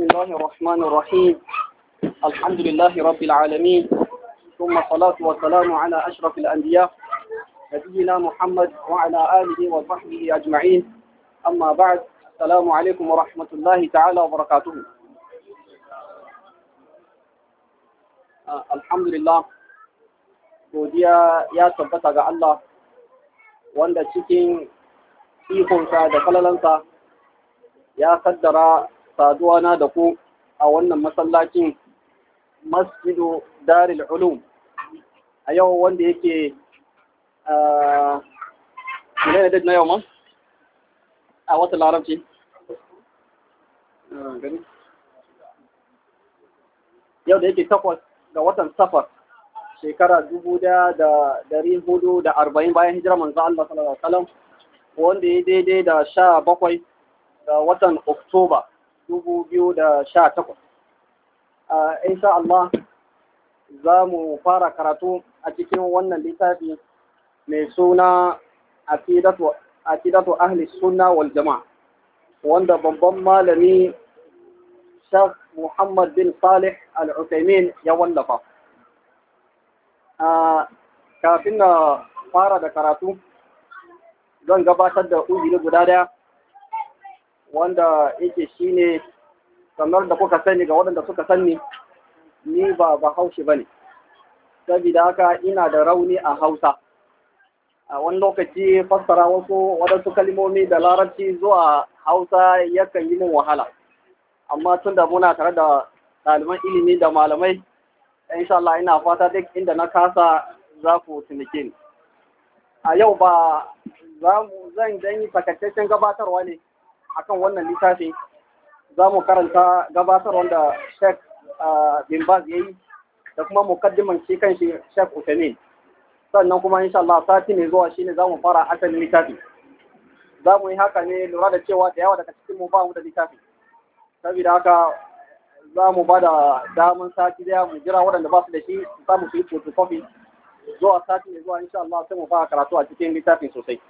بسم الله الرحمن الرحيم الحمد لله رب العالمين ثم صلاة والسلام على أشرف الأنبياء نبينا محمد وعلى آله وصحبه أجمعين أما بعد السلام عليكم ورحمة الله تعالى وبركاته آه، الحمد لله وديا يا سبتا ga Allah wanda cikin ikonsa da falalansa saduwa na da ku a wannan masallacin masjidu daril ulum a yau wanda yake ne da na yau ma a wata larabci ah, yau da yake takwas ga watan safar shekara dubu da dari hudu da arba'in bayan hijira manzo Allah sallallahu alaihi wasallam wanda ya daidai da sha bakwai ga watan oktoba da sha In sha Allah za mu fara karatu a cikin wannan littafi mai suna akidatu ahli suna wal jama'a wanda babban malami Sheikh Muhammad bin Salih Al-Utaimin ya wallafa. Kafin na fara da karatu, zan gabatar da uzuri guda daya. wanda yake shine kamar da kuka sani ga waɗanda suka sani ni ba bahaushe ba ne saboda haka ina da rauni a hausa a wani lokaci fassara wasu waɗansu kalmomi da larabci zuwa hausa yakan yi min wahala amma tun da muna tare da ɗaliban ilimi da malamai insha Allah ina fata duk inda na kasa za ku tunike ni a yau ba za mu zan yi takaitaccen gabatarwa ne akan wannan littafi za mu karanta gabatar wanda Sheikh bimbaz ya yi da kuma mukaddiman shi kan shi Sheikh Uthamin sannan kuma insha Allah sati mai zuwa shine za mu fara asalin littafi za mu yi haka ne lura da cewa da yawa daga cikin mu ba mu da littafi saboda haka za mu ba da damun sati daya mu jira waɗanda ba su da shi za mu su yi photocopy zuwa sati mai zuwa insha Allah sai mu fara karatu a cikin littafin sosai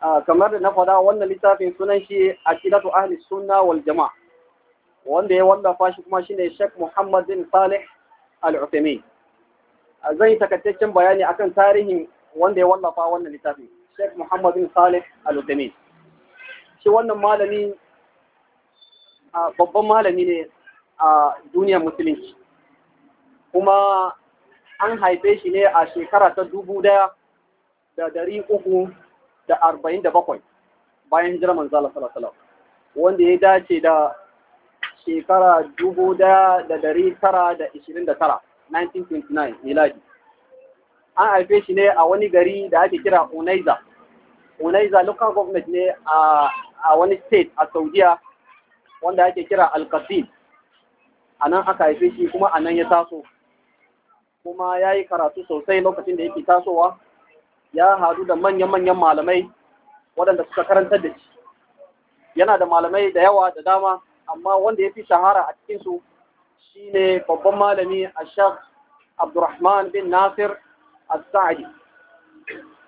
Ah, kamar da na faɗa wannan littafin sunan shi aqidatu ahli sunna wal jamaa wanda ya wallafa shi kuma shine Sheikh Muhammad bin Saleh Al-Uthaymeen ah, zan yi takaitaccen bayani akan tarihin wanda ya wallafa wannan littafin Sheikh Muhammad bin Saleh Al-Uthaymeen shi wannan malami ah, babban malami ne a duniyar musulunci kuma an haife shi ne a shekara ta dubu daya da dari uku da arba'in da bakwai bayan hijirar manzo Allah sallallahu wanda ya dace da shekara dubu da dari tara da ishirin da tara 1929 miladi an haife shi ne a wani gari da ake kira Unaiza Unaiza local government ne a wani state a Saudiya wanda ake kira Al-Qasim a nan aka haife shi kuma a nan ya taso kuma ya yi karatu sosai lokacin da yake tasowa ya hadu da manyan-manyan malamai waɗanda suka karantar da shi yana da malamai da yawa da dama amma wanda ya fi shahara a cikinsu shi ne babban malami a shaf abdurrahman bin nasir al-sa'adi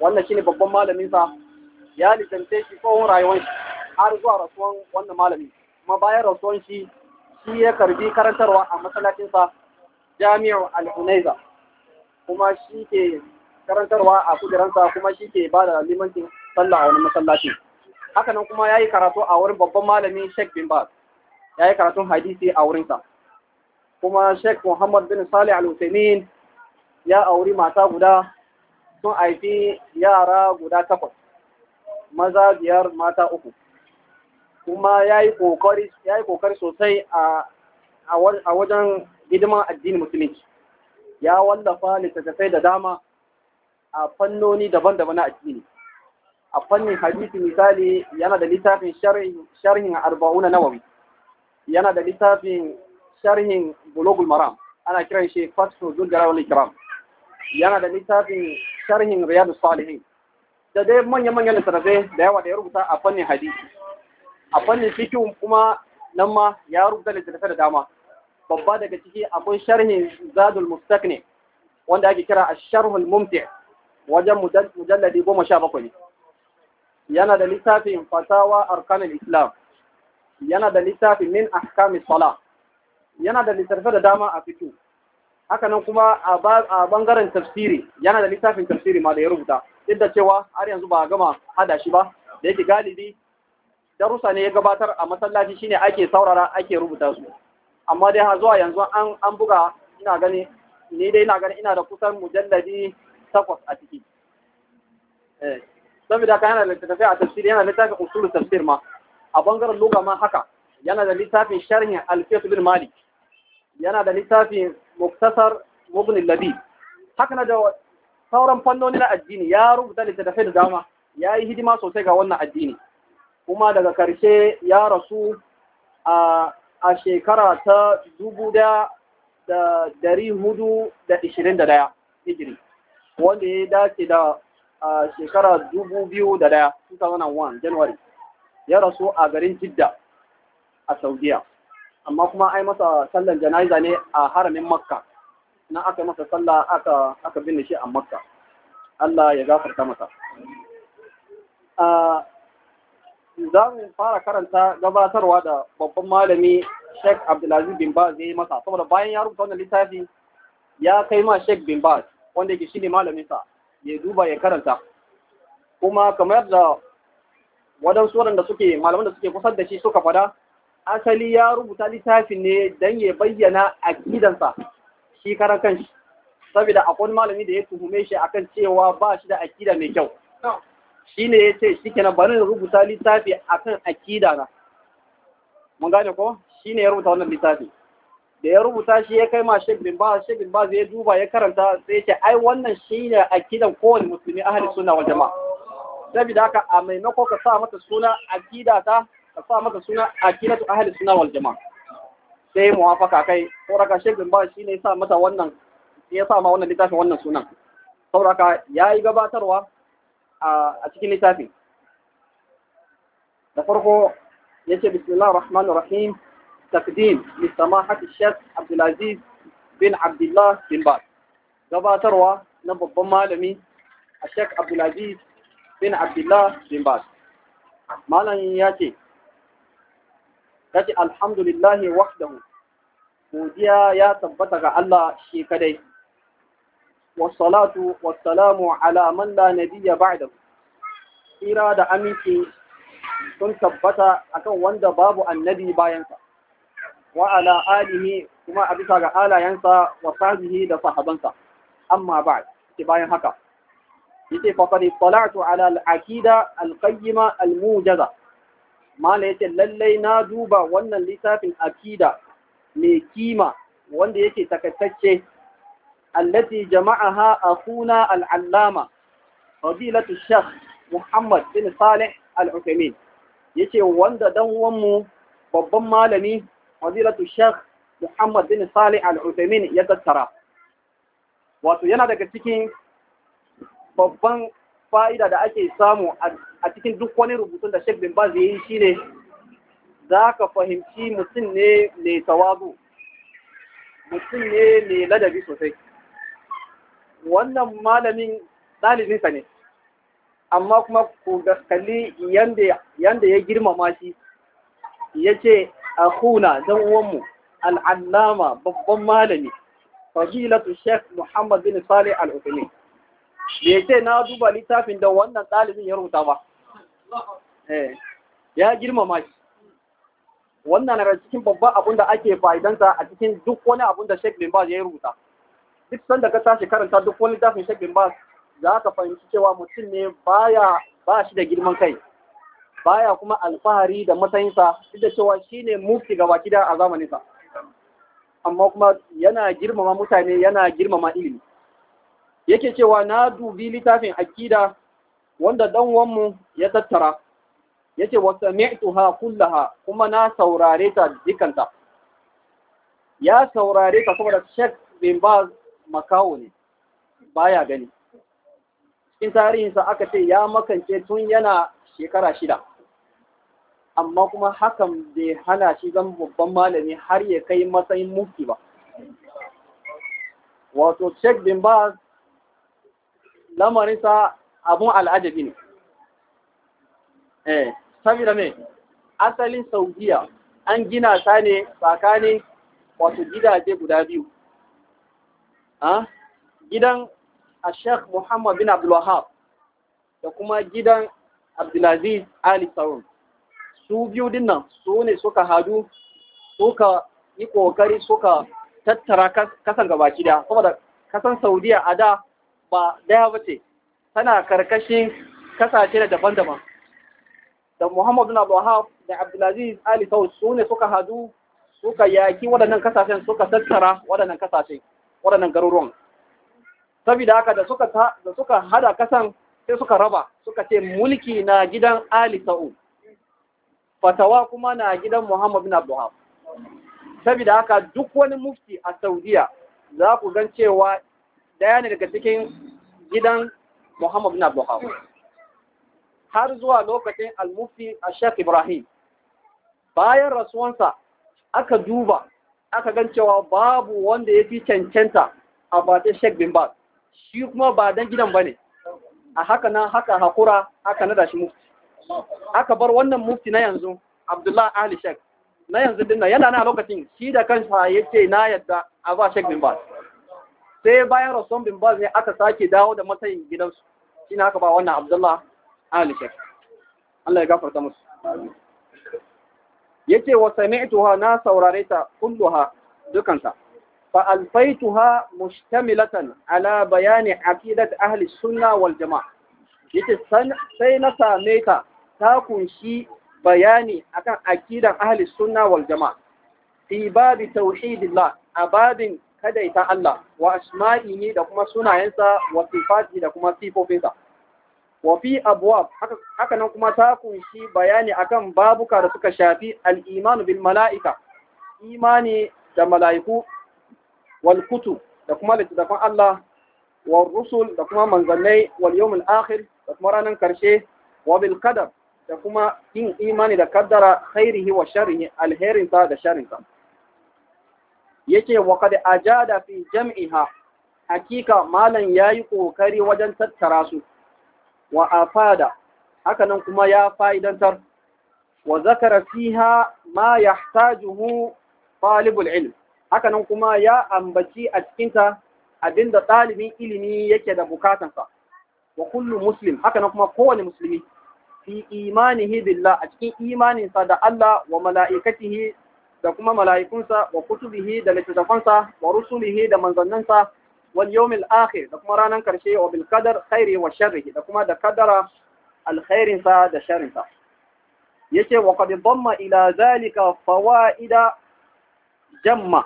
wannan shi ne babban malaminsa ya licance shi tsohon rayuwar shi har zuwa rasuwan wannan malami kuma bayan rasuwan shi shi ya karbi karantarwa a masallacinsa jami'ar al kuma shi ke karantarwa a kujeransa kuma shi ke ba da limancin sallah a wani masallaci haka kuma ya yi karatu a wurin babban malami Sheikh bin Baz ya yi karatun hadisi a wurinsa kuma Sheikh Muhammad bin Salih Al Uthaymeen ya auri mata guda sun haifi yara guda takwas maza biyar mata uku kuma ya yi kokari sosai a wajen hidiman addinin musulunci ya wallafa littattafai da dama a fannoni daban-daban na addini a fannin hadisi misali yana da littafin sharhin arba'una nawawi yana da littafin sharhin bulogul maram ana kiran shi fasu zulgara wani kiram yana da littafin sharhin riyadu salihin da dai manya-manyan littattafai da yawa da ya rubuta a fannin hadisi a fannin fikin kuma nan ma ya rubuta littattafai da dama babba daga ciki akwai sharhin zadul mustaqni wanda ake kira a sharhul mumti' wajen mujalladi goma sha bakwai yana da littafin fatawa arkanin islam yana da littafin min ahkami sala yana da littafi da dama a fito Haka nan kuma a bangaren tafsiri yana da littafin tafsiri ma da ya rubuta duk da cewa har yanzu ba a gama hada shi ba da yake galibi darussa ne ya gabatar a masallaci shine ake saurara ake rubuta su amma dai har zuwa yanzu an buga ina gani ni dai ina gani ina da kusan mujalladi takwas a ciki eh, saboda ka yana da littafi a tafsir yana da littafin usul tafsir ma a bangaren lugha ma haka yana da littafin sharhin al-fiqh bil malik yana da littafin muktasar mubni labi haka na da sauran fannoni na addini ya rubuta littattafai da dama ya yi hidima sosai ga wannan addini kuma daga karshe ya rasu a shekara ta dubu da dari hudu da ishirin da daya hijiri wanda ya dace da shekara dubu biyu da 2001 january ya rasu a garin jidda a saudiya amma kuma ai masa sallan jana'iza ne a haramin makka na aka masa sallah aka aka binne shi a makka allah ya gafarta masa za mu fara karanta gabatarwa da babban malami Sheikh Abdulaziz bin Baz ya yi masa saboda bayan ya rubuta wannan littafi ya kai ma Sheikh bin Baz wanda yake shine malamin sa ya duba ya karanta kuma kamar da suran waɗanda suke malaman da suke kusa da shi suka fada asali ya rubuta littafi ne dan ya bayyana akidansa shi karan kanshi saboda akwai malami da ya tuhume shi akan cewa ba shi da akida mai kyau shi ne ya ce shi kenan bari rubuta littafi akan akida na mun gane ko shi ne ya rubuta wannan littafi da ya rubuta shi ya kai ma Sheikh bin Baz Sheikh bin Baz ya duba ya karanta sai ya ce ai wannan shine akidan kowane musulmi ahli sunna wal jamaa saboda haka a maimako ka sa mata suna akida ta ka sa mata suna akidatu ahli sunna wal jamaa sai muwafaka kai saboda Sheikh bin Baz shine ya sa mata wannan ya sa ma wannan littafin wannan sunan ya yayi gabatarwa a cikin littafin da farko yace bismillahir rahmanir rahim تقديم لسماحة الشيخ عبد العزيز بن عبد الله بن باز gabatarwa na babban malami a Sheikh Abdulaziz bin Abdullah bin Bas. Malamin ya ce, ta ce alhamdulillahi wahdahu, ya tabbata ga Allah shi kadai, wassalatu wassalamu ala man la nabiyya ba'dahu. da aminci sun tabbata akan wanda babu annabi bayansa. wa ala alihi kuma a bisa ga alayansa wa sahbihi da sahabansa amma ba bayan haka yace fa qad tala'tu ala al-aqida al-qayyima al-mujaza mala yace lallai na duba wannan littafin akida mai kima wanda yake takaitacce allati jama'aha akhuna al-allama fadilatu shaykh Muhammad bin Salih al-Uthaymeen yace wanda dan uwanmu babban malami fadilatu Sheikh Muhammad bin Salih Al-Uthaymeen ya tattara wato yana daga cikin babban fa'ida da ake samu a cikin duk wani rubutun da Sheikh bin Baz yayi shine zaka fahimci mutum ne mai tawazu mutum ne mai ladabi sosai wannan malamin ɗalibinsa ne amma kuma ku kalli yanda ya girmama shi ya ce akuna dan uwanmu al'allama babban malami fadilatu sheikh muhammad bin salih al-uthaymin bai ce na duba littafin da wannan ɗalibin ya rubuta ba ya girmama shi wannan na cikin babban abun da ake fa'idansa a cikin duk wani abun da sheikh bin baz ya rubuta duk sanda ka tashi karanta duk wani littafin sheikh bin baz za ka fahimci cewa mutum ne baya ba shi da girman kai baya kuma alfahari da matsayinsa duk da cewa shine mufti gaba gida a zamaninsa amma kuma yana girmama mutane yana girmama ilimi yake cewa na dubi littafin akida wanda dan wanmu ya tattara yace wa sami'tuha kullaha kuma na saurare ta dukanta ya saurare ta saboda Sheikh bin Baz makawo ne baya gani cikin tarihinsa aka ce ya makance tun yana shekara shida amma kuma hakan bai hana shi zan babban malami har ya kai matsayin mufti ba wato Sheikh bin Baz lamarinsa abun al'ajabi ne eh saboda asalin Saudiya an gina ta ne tsakanin wato gidaje guda biyu ah gidan Sheikh Muhammad bin Abdullahi da kuma gidan Abdulaziz Ali Saud su biyu din nan su ne suka hadu suka yi kokari suka tattara kasan gaba da saboda kasan saudiya a da ba daya ba ce tana karkashin kasashe da daban-daban da muhammad bin abdullahi da abdulaziz ali Sa'u su ne suka hadu suka yaki waɗannan kasashen suka tattara waɗannan kasashe waɗannan garuruwan saboda haka da suka hada kasan sai suka raba suka ce mulki na gidan ali Sa'u. fatawa kuma na gidan Muhammad bin Abdullahi saboda haka duk wani mufti a Saudiya za ku gan cewa daya ne daga cikin gidan Muhammad bin Abdullahi har zuwa lokacin al-mufti Sheikh Ibrahim bayan rasuwansa aka duba aka gan cewa babu wanda ya fi cancanta a batun Sheikh bin Baz shi kuma ba dan gidan bane a haka nan haka hakura aka nada shi mufti aka bar wannan mufti na yanzu Abdullahi Ali shek na yanzu dinna yana na lokacin shi da kansa ya ce na yadda a ba shek bin baz sai bayan rasuwan bin baz ne aka sake dawo da matsayin gidansu shi na aka ba wannan abdullah ahli shek Allah ya gafarta musu yace wa sami'tuha na saurare ta kulluha dukanta fa alfaituha mustamilatan ala bayani aqidat ahli sunna wal jamaa yace sai na same ta ta kunshi bayani akan akidan ahli sunna wal jama'a fi babi tauhidillah a babin kadaita Allah wa asma'ihi da kuma sunayensa wa sifatihi da kuma sifofinsa wa fi abwab haka nan kuma ta kunshi bayani akan babuka da suka shafi al imanu bil mala'ika imani da mala'iku wal kutub da kuma littattafan Allah wal rusul da kuma manzannai wal yawmul akhir da kuma ranar karshe wa bil qadar da kuma yin imani da kaddara khairihi wa sharrihi alherinsa da sharrinsa yake wa ajada fi jam'iha hakika malan yayi kokari wajen tattara su wa afada hakanan kuma ya fa'idantar wa zakara fiha ma yahtajuhu talibul ilm hakanan kuma ya ambaci a cikinta abinda ɗalibin ilimi yake da bukatansa wa kullu muslim hakanan kuma kowane musulmi fi imanihi billah a cikin imaninsa da Allah wa mala'ikatihi da kuma mala'ikunsa wa kutubihi da littattafansa wa rusulihi da manzannansa wal yawmil akhir da kuma ranar karshe wa bil qadar khairi wa sharrihi da kuma da kadara alkhairinsa da sharrinsa yace wa qad damma ila zalika fawaida jamma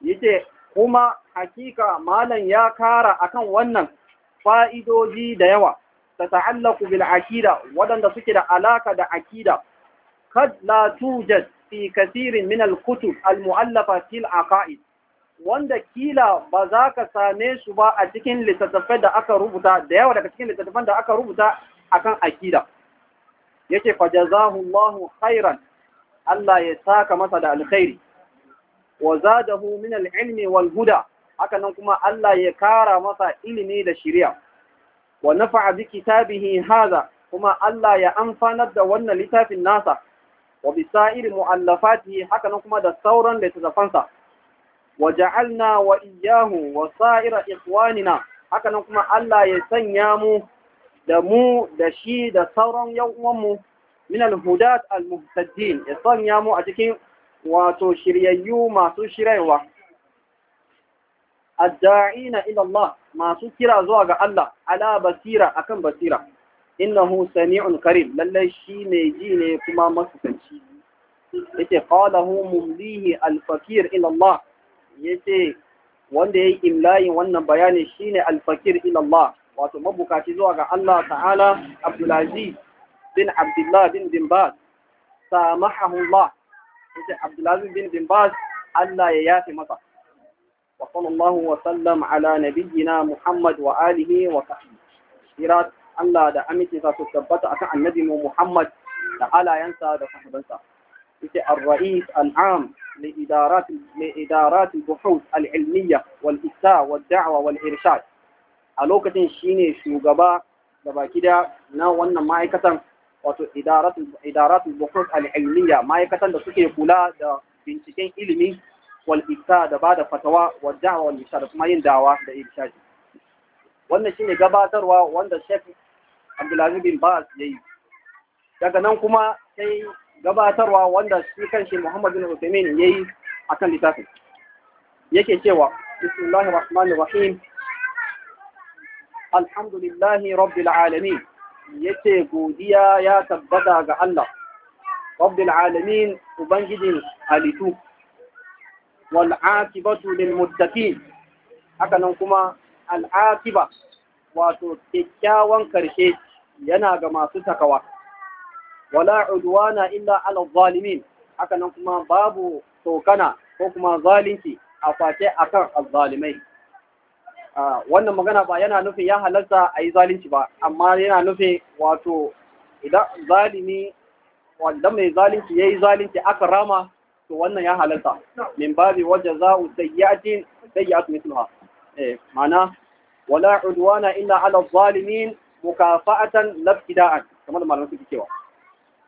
yace kuma hakika malan ya kara akan wannan fa'idoji da yawa tata'allaqu bil aqida wadanda suke da alaka da aqida kad la tujad fi kathirin min al kutub al mu'allafa fil aqaid wanda kila ba za ka same su ba a cikin littattafai da aka rubuta da yawa daga cikin littattafan da aka rubuta akan aqida yake fajazahu Allahu khairan Allah ya saka masa da alkhairi wa zadahu min al-ilmi wal huda haka nan kuma Allah ya kara masa ilimi da shari'a wa nafa'a bi kitabihi hadha kuma Allah ya amfanar da wannan littafin nasa wa bi sa'iri mu'allafatihi haka nan kuma da sauran littafansa wa ja'alna wa iyyahu wa sa'ira ikhwanina haka nan kuma Allah ya sanya mu da mu da shi da sauran yan uwanmu min al-hudat al-muhtadin ya sanya mu a cikin wato shiryayyu masu shiryawa adda'ina ila Allah masu kira zuwa ga Allah ala basira akan basira innahu sami'un karim lallai shi ne ji ne kuma masukanci yace qalahu mumlihi al-fakir ila Allah yace wanda yayi imlayin wannan bayani shine al-fakir ila Allah wato mabukaci zuwa ga Allah ta'ala Abdulaziz bin Abdullah bin bin Baz samahahu Allah yace Abdulaziz bin bin Allah ya yafi masa وصلى الله وسلم على نبينا محمد وآله وصحبه sirat Allah da amincinsa su tabbata akan annabi mu Muhammad da alayansa da sahabansa yace ar-ra'is al-am li idarat li al-buhuth al-ilmiyya wal isa wal irshad a lokacin shine shugaba da baki na wannan ma'aikatan wato idarat idarat al-buhuth al-ilmiyya ma'aikatan da suke kula da binciken ilimi wal da ba da fatawa wa da'wa wal da kuma yin dawa da irshadi wannan shine gabatarwa wanda Sheikh Abdulaziz bin Baz yayi daga nan kuma sai gabatarwa wanda shi kanshi Muhammad bin Uthaymeen yayi akan littafin yake cewa bismillahir rahmanir rahim alhamdulillahi rabbil alamin yace godiya ya tabbata ga Allah rabbil alamin ubangijin halitu wal'akibatu lil haka nan kuma al'akiba wato kyakkyawan karshe yana ga masu takawa wala na illa ala zalimin haka nan kuma babu tokana ko kuma zalunci a face akan azzalimai wannan magana ba yana nufin ya halarta a yi zalunci ba amma yana nufin wato idan zalimi wanda mai zalunci ya yi zalunci aka rama to wannan ya halarta min babi waje za'u u sayyatin sayyatu misluha eh mana wala udwana illa ala zalimin mukafa'atan labtida'an kamar malamin suke cewa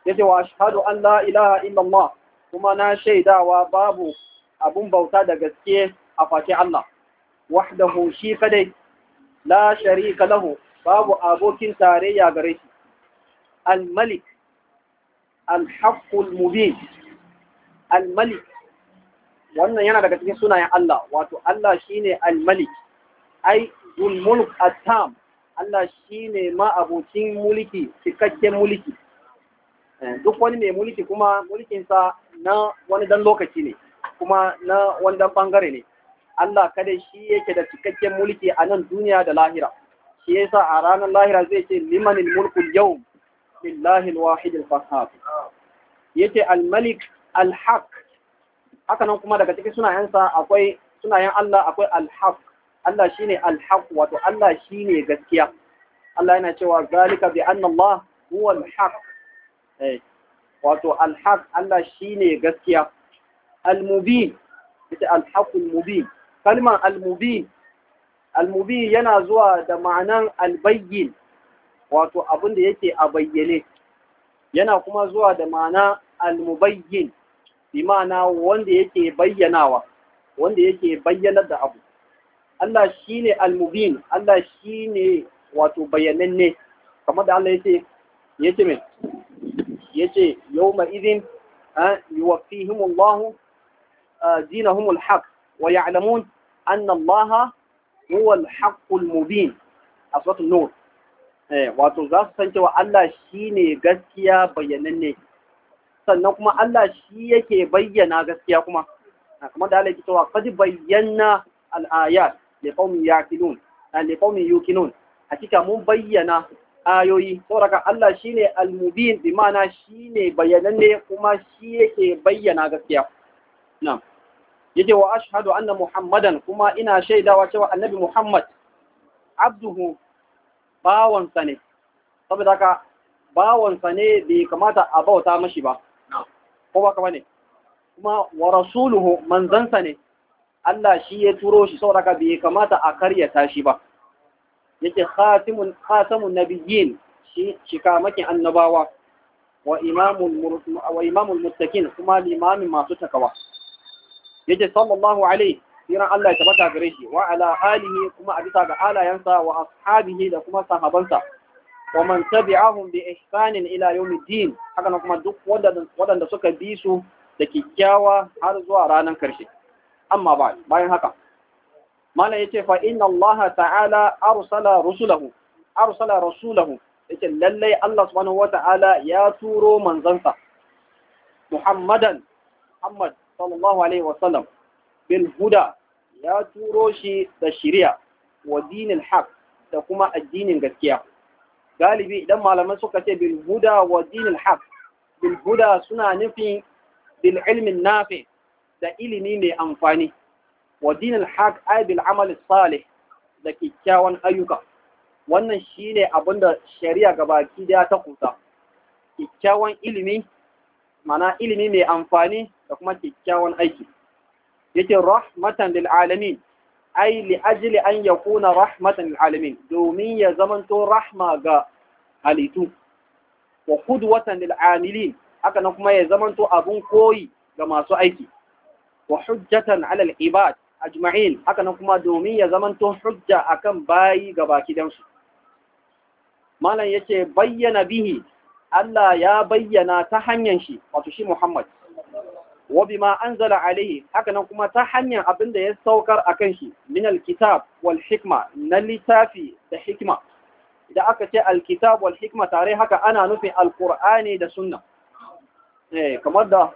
yace wa ashhadu an la ilaha illa Allah kuma na shaidawa babu abun bauta da gaske a face Allah wahdahu shi kadai la sharika lahu babu abokin tarayya gare shi al-malik al-haqqul mubin al-malik wannan yana daga cikin sunayen Allah wato Allah shine al-malik ai zul mulk at-tam Allah shine ma abokin mulki cikakken mulki eh, duk wani mai mulki kuma mulkinsa na wani dan lokaci ne kuma na wani dan bangare ne Allah kada shi yake da cikakken mulki a nan duniya da lahira shi yasa a ranar lahira zai ce limanil mulku yau lillahi alwahid alqahhar yace almalik alhaq haka nan kuma daga cikin sunayensa akwai sunayen Allah akwai alhaq Allah shine alhaq wato Allah shine gaskiya Allah yana cewa zalika bi anna Allah huwa alhaq eh, wato alhaq Allah shine gaskiya almubin ita alhaqul mubin kalmar almubin almubin yana zuwa da ma'anan albayyin wato abin da yake a bayyane yana kuma zuwa da ma'ana almubayyin bimana wanda yake bayyanawa wanda yake bayyanar da abu Allah shine al-mubin Allah shine wato bayyananne kamar da Allah yace yace me yace yawma idhin yuwaffihimullahu dinahumul haqq wa ya'lamun anna Allah huwa al-haqqul mubin a suratul nur eh wato za su san cewa Allah shine gaskiya bayyananne sannan kuma Allah shi yake bayyana gaskiya kuma kamar da Allah yake cewa qad bayyana al-ayat liqaumin yaqilun liqaumin yuqinun hakika mun bayyana ayoyi saboda Allah shine al-mubin bi ma'ana shine bayananne kuma shi yake bayyana gaskiya na'am yace wa ashhadu anna muhammadan kuma ina shaidawa cewa annabi muhammad abduhu bawansa ne saboda haka bawansa ne bai kamata a bauta mashi ba ko ba kama ne kuma wa rasuluhu manzansa ne Allah shi ya turo shi sauraka bai kamata a karya shi ba yake khatimun khatamun nabiyyin shi shikamakin annabawa wa imamul wa imamul muttaqin kuma limamin masu takawa yake sallallahu alaihi siran Allah ya tabbata gare shi wa ala alihi kuma a bisa ga alayansa wa ashabihi da kuma sahabansa wa man tabi'ahum bi ihsanin ila yawmiddin haka kuma duk waɗanda suka bi su da kyakkyawa har zuwa ranar karshe amma ba bayan haka mala yace fa inna Allah ta'ala arsala rusulahu arsala rasulahu yace Allah subhanahu ya turo manzansa Muhammadan Muhammad sallallahu alaihi huda ya turo shi da shari'a wa dinil da kuma addinin gaskiya galibi idan malamai suka ce bil huda wa dinil haq bil huda suna nufin bil ilmin nafi da ilimi mai amfani wa dinil haq ay bil amal salih da kikkiawan ayyuka wannan shine abinda shari'a gabaki daya ta kuta kikkiawan ilimi mana ilimi mai amfani da kuma kikkiawan aiki yake rahmatan lil alamin ai li ajli an yakuna rahmatan lil alamin domin ya zamanto rahma ga halitu wa qudwatan lil amilin haka nan kuma ya zamanto abun koyi ga masu aiki wa hujjatan ala al ibad ajma'in haka nan kuma domin ya zamanto hujja akan bayi ga baki dan su ce yace bayyana bihi Allah ya bayyana ta hanyar shi wato shi Muhammad wa bima anzala alaihi hakanan kuma ta hanyar abinda ya saukar kan shi min alkitab wal na littafi da hikma da aka ce alkitab wal tare haka ana nufin alqur'ani da sunna eh, kamar da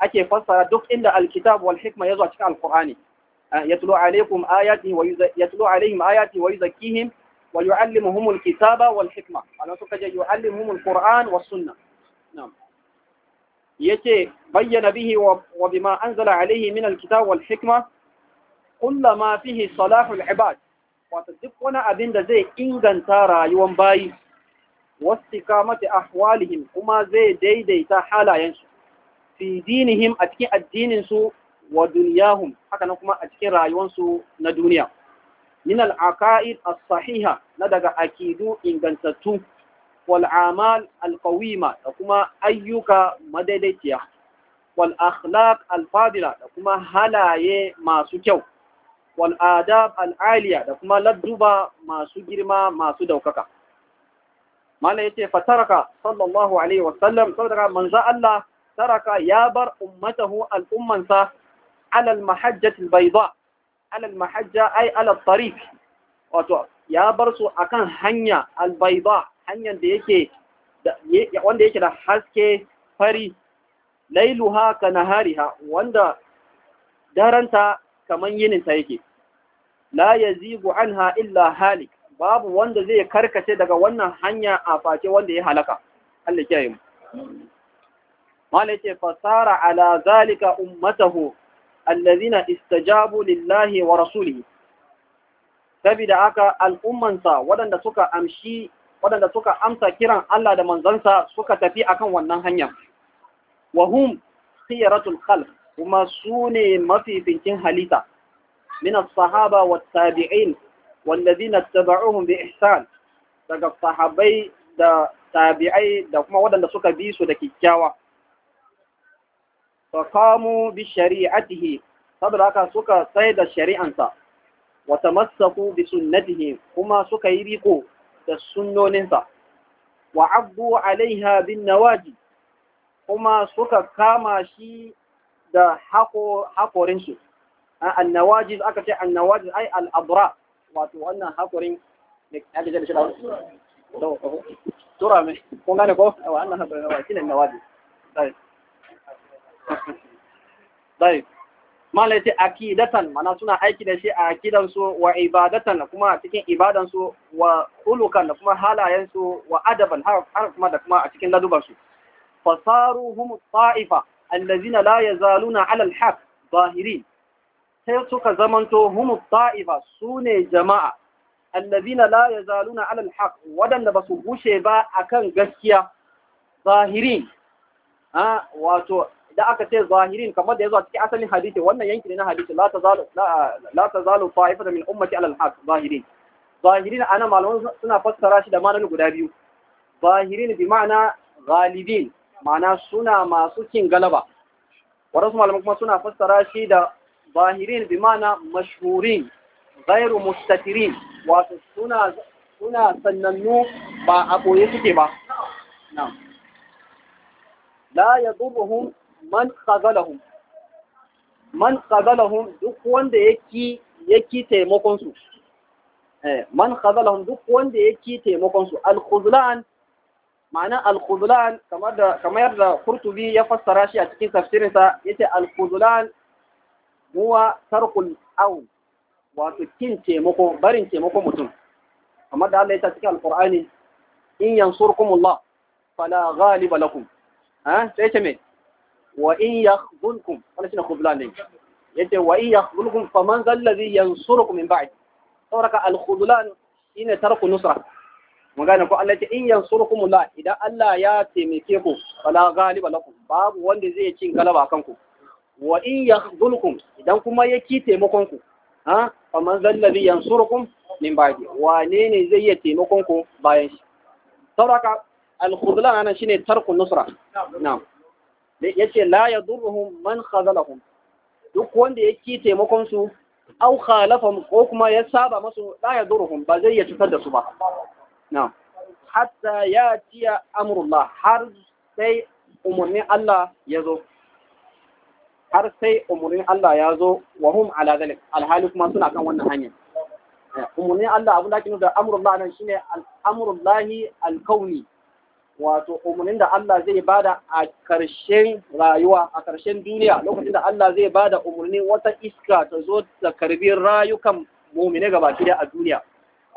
ake fassara duk inda alkitab wal hikma yazo a cikin alqur'ani eh, yatlu alaikum ayati wa yatlu alaihim ayati wa yace bayyana bihi wa bima anzala alaihi min alkitab wal hikma kullu fihi salahul ibad wato duk wani abin da zai inganta rayuwar bayi mafi ahwalihim kuma zai daidaita halayensu fi dinihim a cikin addininsu wa duniyahum haka na kuma a cikin rayuwarsu na duniya min al-aqaid as-sahiha na daga akidu ingantattu wal amal al kawima da kuma ayyuka madaidaiciya wal akhlaq al fadila da kuma halaye masu kyau Wal'adab alaliya al aliya da kuma ladduba masu girma masu daukaka mala ce fataraka sallallahu alaihi wasallam saboda manza Allah taraka ya bar ummatahu al'ummansa ummansa ala al mahajjati mahajja wato ya bar su akan hanya al hanyar da yake wanda yake da haske fari lailuha ka nahariha wanda daranta kaman yininta yake la yazigu anha illa halik babu wanda zai karkace daga wannan hanya a face wanda ya halaka Allah kiyaye malai ce fasara ala zalika ummatahu allazina istajabu lillahi wa rasulihi sabida aka al'ummansa waɗanda suka amshi waɗanda suka amsa kiran Allah da manzansa suka tafi akan wannan hanyar. wa hum khiyaratul khalq kuma su ne mafificin halitta min as-sahaba wa tabi'in wallazina tabauhum bi ihsan daga sahabai da tabi'ai da kuma waɗanda suka bi su da kikkiawa faqamu bi shari'atihi saboda haka suka sai da shari'ansa wata masaku bi sunnatihi kuma suka yi riko da sunnoninsa wa abu alaiha bin nawaji kuma suka kama shi da hakorinsu annawajiz aka ce annawajiz ai al'abra wato wannan da shi da wani tura mai kun gane ko dai malai ce akidatan mana suna aiki da shi a akidan su wa ibadatan da kuma cikin ibadan su wa hulukan da kuma halayen su wa adaban har kuma da kuma a cikin ladubar su fasaruhum ta'ifa allazina la yazaluna ala alhaq zahirin sai suka zamanto hum ta'ifa sune jama'a allazina la yazaluna ala alhaq wadanda su bushe ba akan gaskiya zahirin ah, wato idan aka ce zahirin kamar da ya zo a cikin asalin hadisi wannan yanki ne na hadisi la tazalu la tazalu ta'ifatan min ummati al haq zahirin zahirin ana malaman suna fassara shi da ma'anar guda biyu zahirin bi ma'ana ghalibin ma'ana suna masu cin galaba wasu malaman kuma suna fassara shi da zahirin bi ma'ana mashhurin ghairu mustatirin wato suna suna sanannu ba a boye suke ba na'am la yadurruhum man qagalahum man qagalahum duk wanda yake yake taimakon su eh man qagalahum duk wanda yake taimakon su al-khuzlan ma'ana al-khuzlan kamar da kamar yadda Qurtubi ya fassara shi a cikin tafsirinsa yace al-khuzlan huwa tarkul aun wato kin taimako barin taimako mutum kamar da Allah ya ta cikin alqur'ani in yansurkumullah fala ghaliba lakum ha eh, sai ce me wa in yakhzulkum wannan shine khuzlan din yace wa in yakhzulkum faman zal ladhi yansurukum min ba'd sauraka al khuzlan shine tarku nusra mun gane ko Allah ya ce in yansurukum la idan Allah ya taimake ku fala ghaliba lakum babu wanda zai cin galaba ku. wa in yakhzulkum idan kuma ya taimakon ku ha faman zal ladhi yansurukum min ba'di wane ne zai iya taimakon ku bayan shi sauraka al khuzlan shine tarku nusra na'am yace la yadurruhum man khazalahum duk wanda ya ki taimakon su aw khalafahum ko kuma ya saba masu la yadurruhum ba zai ya cutar da su ba na'am ya yati amrullah har sai umarnin Allah ya zo har sai umurnin Allah ya zo wa hum ala zalik alhali kuma suna kan wannan hanyar eh, Umarnin Allah abin da ake nuna amrullah nan shine al'amrullahi alkauni wato umarnin da Allah zai bada a ƙarshen rayuwa a ƙarshen duniya lokacin da Allah zai bada umarnin wata iska ta zo ta karbi rayukan mumine gaba shi a duniya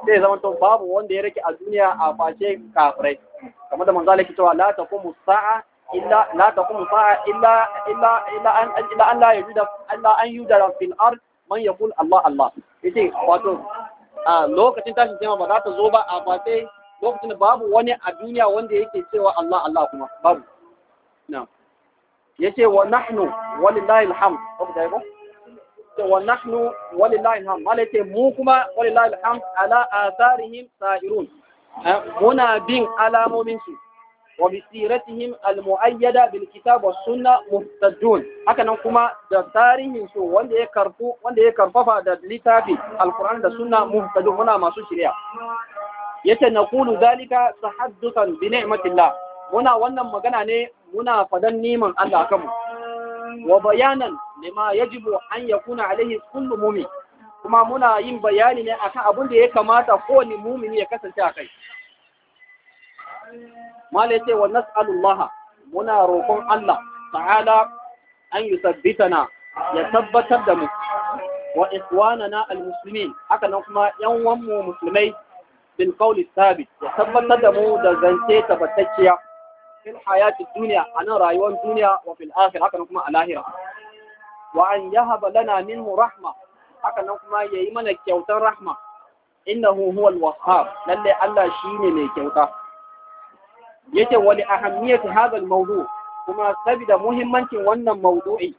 sai zama to babu wanda ya rike a duniya a face kafirai kamar da manzo Allah ke cewa la taqumu sa'a illa la taqumu sa'a illa illa illa an illa an la yujuda illa an yudara fil ard man yaqul Allah Allah yace wato a lokacin tashin kiyama ba za ta zo ba a face lokacin da babu wani a duniya wanda yake cewa Allah Allah kuma babu na yace wa nahnu walillahi alhamd ko da yabo ce wa nahnu walillahi alhamd mala yace mu kuma walillahi alhamd ala atharihim sa'irun eh, muna bin alamomin su wa bi siratihim almuayyada bil kitab was sunna muhtadun haka nan kuma da tarihin su wanda ya karfu wanda ya karfafa da littafi alquran da sunna muhtadun muna masu shari'a yace kulu zalika tahaddukan bi ni'matillah muna wannan magana ne muna fadan niman Allah kanmu wa bayanan lima yajibu an yakuna alaihi kullu mu'min kuma muna yin bayani ne akan abin da ya kamata kowane mumini ya kasance a kai malai ce wa nas'alullaha muna roƙon Allah ta'ala an yusabbitana ya tabbatar da mu wa ikhwanana almuslimin haka nan kuma yan uwan mu musulmai bil qawli thabit ya tabbatar da mu da zance tabbatacciya fil hayati duniya a nan rayuwar duniya wa fil akhir haka kuma a lahira wa an yahaba lana minhu rahma haka nan kuma yayi mana kyautar rahma innahu huwa al-wahhab lalle Allah shine mai kyauta yake wani ahammiyati hadha al-mawdu kuma sabida muhimmancin wannan mawdu'i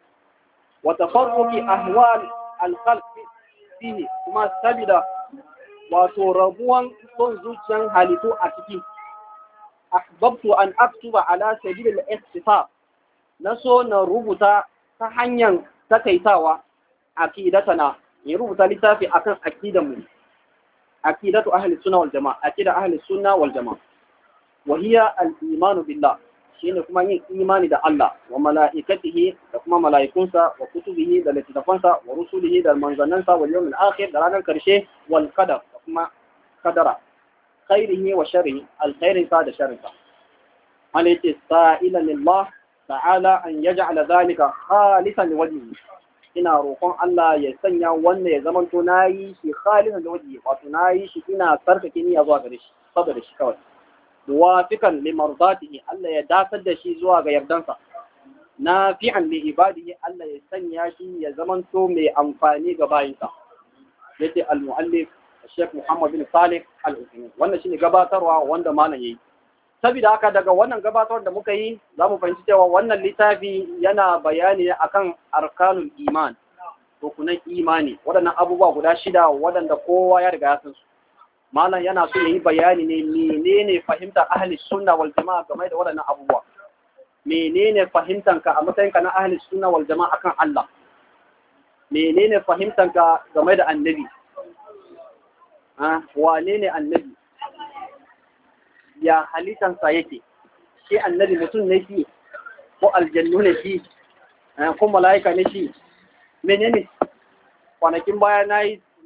wa tafarruqi ahwal al-khalq fihi kuma sabida wato rabuwan son zuciyar halittu a ciki ahbabtu an aktuba ala sabilil ihtisab na so na rubuta ta hanyar takaitawa aqidatana in rubuta littafi akan aqidan mu aqidatu ahli sunna wal jamaa aqida ahli sunna wal jamaa wa hiya al iman billah shine kuma yin imani da Allah wa mala'ikatihi da kuma mala'ikunsa wa kutubihi da littafansa wa rusulihi da manzannansa wal yawmil akhir da ranar karshe wal qadar Kuma kadara khairihi wa sharrihi alkhairin sa da sharrin sa wanda yake sa'ila lillah ta'ala an yaj'ala zalika khalisan wajhihi ina roƙon Allah ya sanya wannan ya zama to nayi shi khalisan da wato nayi shi ina sarkake niyya zuwa gare shi saboda shi kawai muwafiqan li Allah ya dasar da shi zuwa ga yardansa nafi'an li ibadihi Allah ya sanya shi ya zama to mai amfani ga bayinsa yace al-mu'allif Sheikh Muhammad bin Salih Al-Uthaymin wannan shine gabatarwa wanda malam yayi saboda haka daga wannan gabatar da muka yi za mu fahimci cewa wannan litafi yana bayani akan arkanul iman kuna imani waɗannan abubuwa guda shida waɗanda kowa ya riga ya san su malam yana so yayi bayani ne menene fahimtar ahli sunna wal jama'a game da waɗannan abubuwa menene fahimtanka a matsayinka na ahli sunna wal jama'a akan Allah menene fahimtanka game da annabi wane ne annabi ya halittansa yake shi annabi mutum ne shi ko aljannu ne shi ko mala'ika ne shi menene kwanakin baya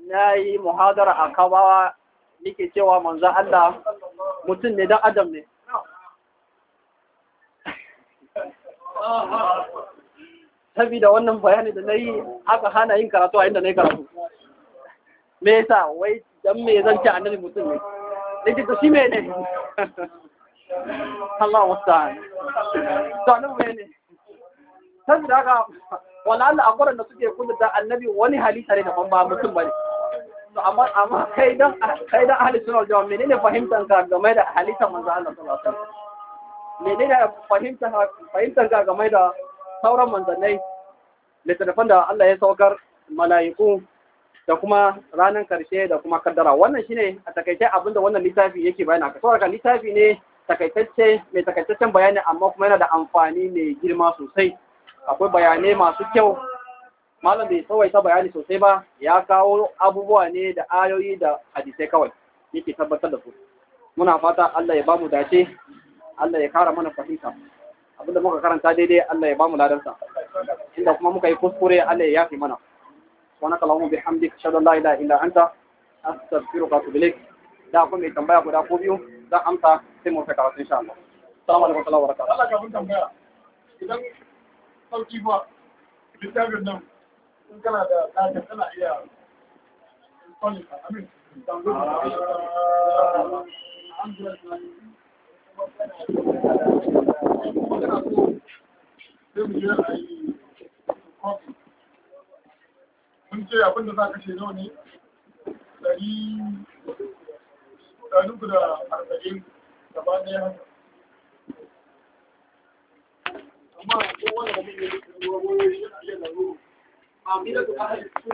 na yi muhadara a kawawa nike cewa manza Allah mutum ne don adam ne sabida wannan bayani da na yi aka hana yin karatu a inda na yi karatu me yasa wai dan me zan ci annabi mutum ne nake to shi me ne Allah wasta'an to annabi me ne da ga wala Allah akwaran da suke kullu da annabi wani hali ne da ba mutum bane to amma amma kai dan kai dan ahli sunna jama'a menene fahimtan ka game da halittar manzo Allah sallallahu alaihi wasallam menene fahimta fahimta ga game da sauran manzannai littattafan da Allah ya saukar mala'iku da kuma ranar karshe da kuma kaddara wannan shine a takaice abinda wannan littafi yake bayani aka saboda littafi ne takaitacce mai takaitaccen bayani amma kuma yana da amfani mai girma sosai akwai bayanai masu kyau malam bai ta bayani sosai ba ya kawo abubuwa ne da ayoyi da hadisai kawai yake tabbatar da su muna fata Allah ya bamu dace Allah ya kara mana fahimta abinda muka karanta daidai Allah ya bamu ladansa inda kuma muka yi kuskure Allah ya yafe mana سبحانك اللهم وبحمدك اشهد ان لا اله الا انت استغفرك واتوب اليك لا كون مي تمبايا كو دا كو بيو دا امتا سي مو فكرا ان شاء الله السلام عليكم ورحمه الله وبركاته الله كان تمبايا اذا قلت يبا بتاعي نعم ان Thank you. Mun ce abin da za ka ce nawa ne ɗari ɗari da arba'in gaba ɗaya amma kowane da yi da ruwa ruwa shi a da ruwa a mila da